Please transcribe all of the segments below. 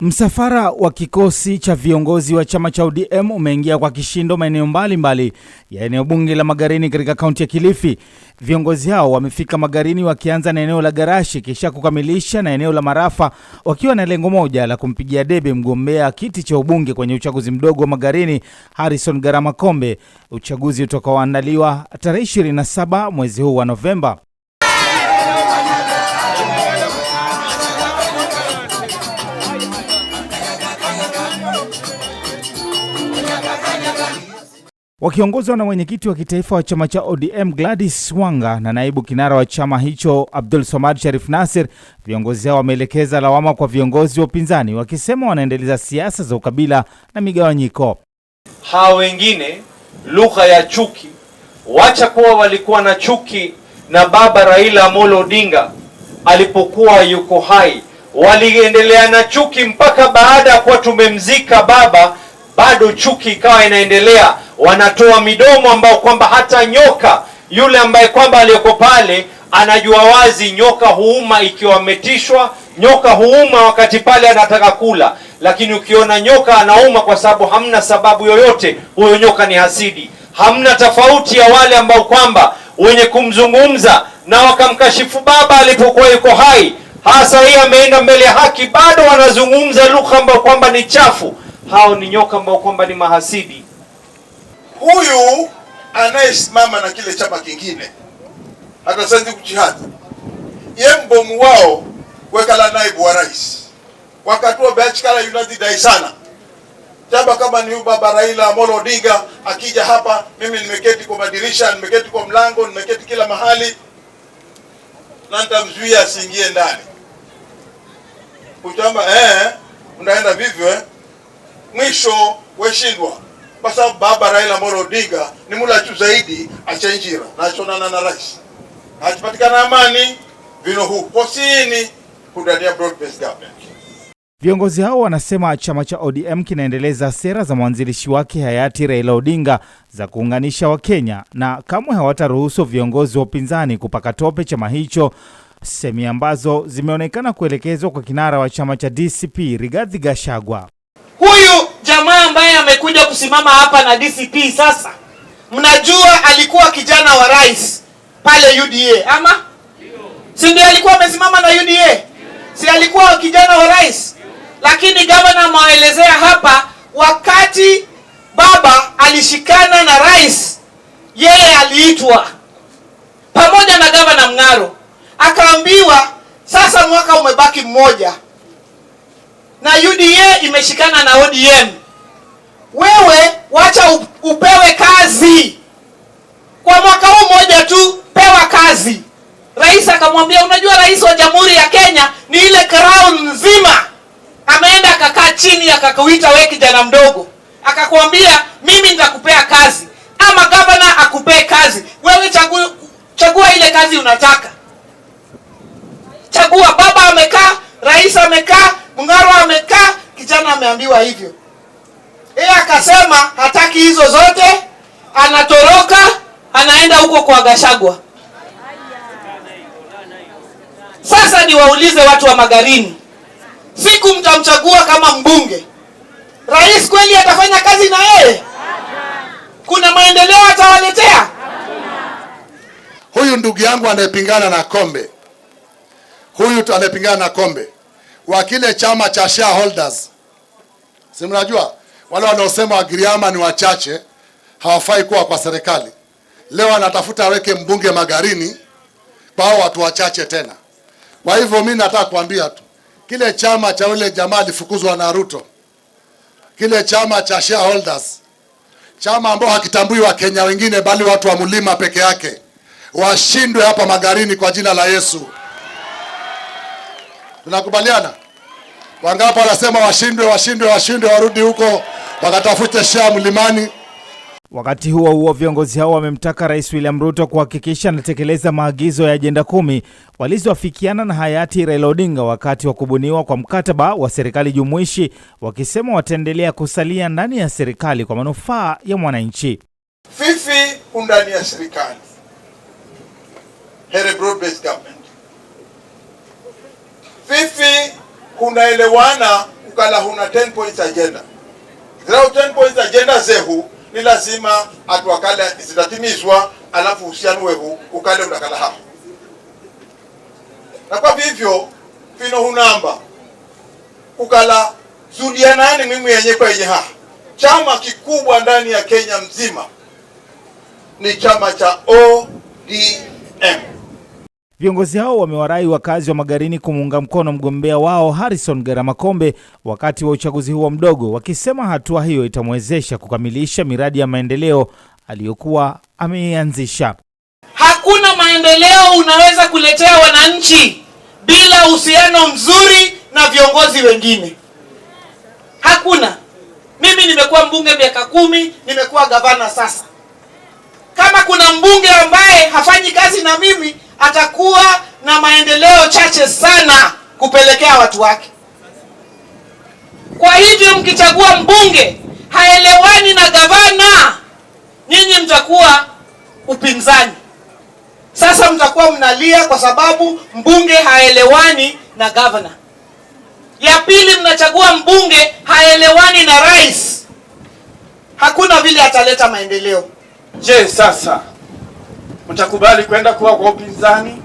Msafara wa kikosi cha viongozi wa chama cha ODM umeingia kwa kishindo maeneo mbalimbali ya eneo bunge la Magarini katika kaunti ya Kilifi. Viongozi hao wamefika Magarini wakianza na eneo la Garashi kisha kukamilisha na eneo la Marafa wakiwa na lengo moja la kumpigia debe mgombea kiti cha ubunge kwenye uchaguzi mdogo wa Magarini, Harrison Garama Kombe, uchaguzi utakaoandaliwa tarehe 27 mwezi huu wa Novemba. Wakiongozwa na mwenyekiti wa kitaifa wa chama cha ODM Gladys Wanga na naibu kinara wa chama hicho Abdul Samad Sharif Nasir, viongozi hao wameelekeza lawama kwa viongozi wa upinzani wakisema wanaendeleza siasa za ukabila na migawanyiko. Hawa wengine lugha ya chuki, wacha kuwa walikuwa na chuki na baba Raila Amolo Odinga alipokuwa yuko hai, waliendelea na chuki mpaka baada ya kuwa tumemzika baba, bado chuki ikawa inaendelea wanatoa midomo ambao kwamba hata nyoka yule ambaye kwamba aliyoko pale anajua wazi nyoka huuma ikiwa ametishwa. Nyoka huuma wakati pale anataka kula, lakini ukiona nyoka anauma kwa sababu hamna sababu yoyote, huyo nyoka ni hasidi. Hamna tofauti ya wale ambao kwamba wenye kumzungumza na wakamkashifu baba alipokuwa yuko hai, hasa hii ameenda mbele ya haki, bado wanazungumza lugha ambayo kwamba ni chafu. Hao ni nyoka ambao kwamba ni mahasidi huyu anayesimama na kile chama kingine atasaidi kuchihadi ye mbomu wao wekala naibu wa rais wakati wa beachikala yunadi dai sana chaba kama ni baba Raila Amolo Odinga akija hapa, mimi nimeketi kwa madirisha, nimeketi kwa mlango, nimeketi kila mahali na nitamzuia asiingie ndani. Uchamba eh, eh, unaenda vivyo eh, mwisho weshindwa kwa sababu baba Raila Amolo Odinga ni mula juu zaidi acha njira nachonana na rais hachipatikana amani vino huko sini kudania broad based government. Viongozi hao wanasema chama cha ODM kinaendeleza sera za mwanzilishi wake hayati Raila Odinga za kuunganisha Wakenya na kamwe hawataruhusu viongozi wa upinzani kupaka tope chama hicho, semi ambazo zimeonekana kuelekezwa kwa kinara wa chama cha DCP Rigathi Gachagua. Huyu ambaye amekuja kusimama hapa na DCP sasa, mnajua alikuwa kijana wa rais pale UDA ama si ndio? Alikuwa amesimama na UDA, si alikuwa kijana wa rais? Lakini gavana amewaelezea hapa, wakati baba alishikana na rais, yeye aliitwa pamoja na gavana Mng'aro akaambiwa, sasa mwaka umebaki mmoja na UDA imeshikana na ODM wewe wacha upewe kazi kwa mwaka huu moja tu, pewa kazi. Rais akamwambia, unajua rais wa Jamhuri ya Kenya ni ile crown nzima, ameenda akakaa chini akakuita we kijana mdogo, akakwambia mimi nitakupea kazi ama gavana akupee kazi, wewe chagua, chagua ile kazi unataka chagua. Baba amekaa, rais amekaa, Mung'aro amekaa, kijana ameambiwa hivyo yeye akasema hataki hizo zote, anatoroka anaenda huko kwa Gashagwa. Sasa niwaulize watu wa Magarini, siku mtamchagua kama mbunge, rais kweli atafanya kazi na yeye? Kuna maendeleo atawaletea? Huyu ndugu yangu anayepingana na Kombe, huyu anayepingana na Kombe wa kile chama cha shareholders, si mnajua wale wanaosema Wagiriama ni wachache hawafai kuwa kwa serikali. Leo anatafuta aweke mbunge Magarini kwa hao watu wachache tena. Kwa hivyo mi nataka kuambia tu kile chama cha ule jamaa alifukuzwa na Ruto, kile chama cha shareholders, chama ambao hakitambui Wakenya wengine bali watu wa mlima peke yake, washindwe hapa Magarini kwa jina la Yesu. Tunakubaliana? Wangapo wanasema washindwe, washindwe, washindwe, warudi huko wakatafute shia mlimani. Wakati huo huo, viongozi hao wamemtaka Rais William Ruto kuhakikisha anatekeleza maagizo ya ajenda kumi walizoafikiana na hayati Raila Odinga wakati wa kubuniwa kwa mkataba wa serikali jumuishi, wakisema wataendelea kusalia ndani ya serikali kwa manufaa ya mwananchi. Fifi ndani ya serikali Here broad-based government kunaelewana ukala huna 10 points agenda zao 10 points agenda zehu ni lazima atuakala zitatimizwa, alafu uhusiano wehu ukale unakala hapo, na kwa vivyo fino hunamba ukala zulianani mimi yenye kwa yenye ha chama kikubwa ndani ya Kenya mzima ni chama cha ODM. Viongozi hao wamewarai wakazi wa Magarini kumuunga mkono mgombea wao Harrison Garama wakati wa uchaguzi huo mdogo, wakisema hatua hiyo itamwezesha kukamilisha miradi ya maendeleo aliyokuwa ameianzisha. Hakuna maendeleo unaweza kuletea wananchi bila uhusiano mzuri na viongozi wengine. Hakuna. Mimi nimekuwa mbunge miaka kumi, nimekuwa gavana sasa. Kama kuna mbunge ambaye hafanyi kazi na mimi atakuwa na maendeleo chache sana kupelekea watu wake. Kwa hivyo mkichagua mbunge haelewani na gavana, nyinyi mtakuwa upinzani. Sasa mtakuwa mnalia kwa sababu mbunge haelewani na gavana. Ya pili, mnachagua mbunge haelewani na rais, hakuna vile ataleta maendeleo. Je, sasa mtakubali kwenda kuwa kwa upinzani?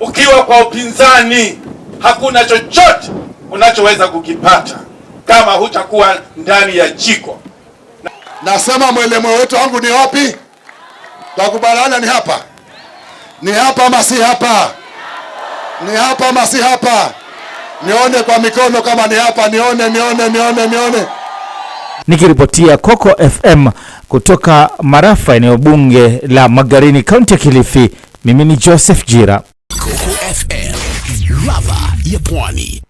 Ukiwa kwa upinzani, hakuna chochote unachoweza kukipata kama hutakuwa ndani ya jiko. Nasema mwelemo wetu wangu ni wapi? Takubaliana ni hapa, ni hapa ama si hapa? Ni hapa ama si hapa? Nione kwa mikono kama ni hapa, nione, nione, nione, nione. Nikiripotia Coco FM kutoka Marafa, eneo bunge la Magarini, kaunti ya Kilifi, mimi ni Joseph Jira, Coco FM, ladha ya Pwani.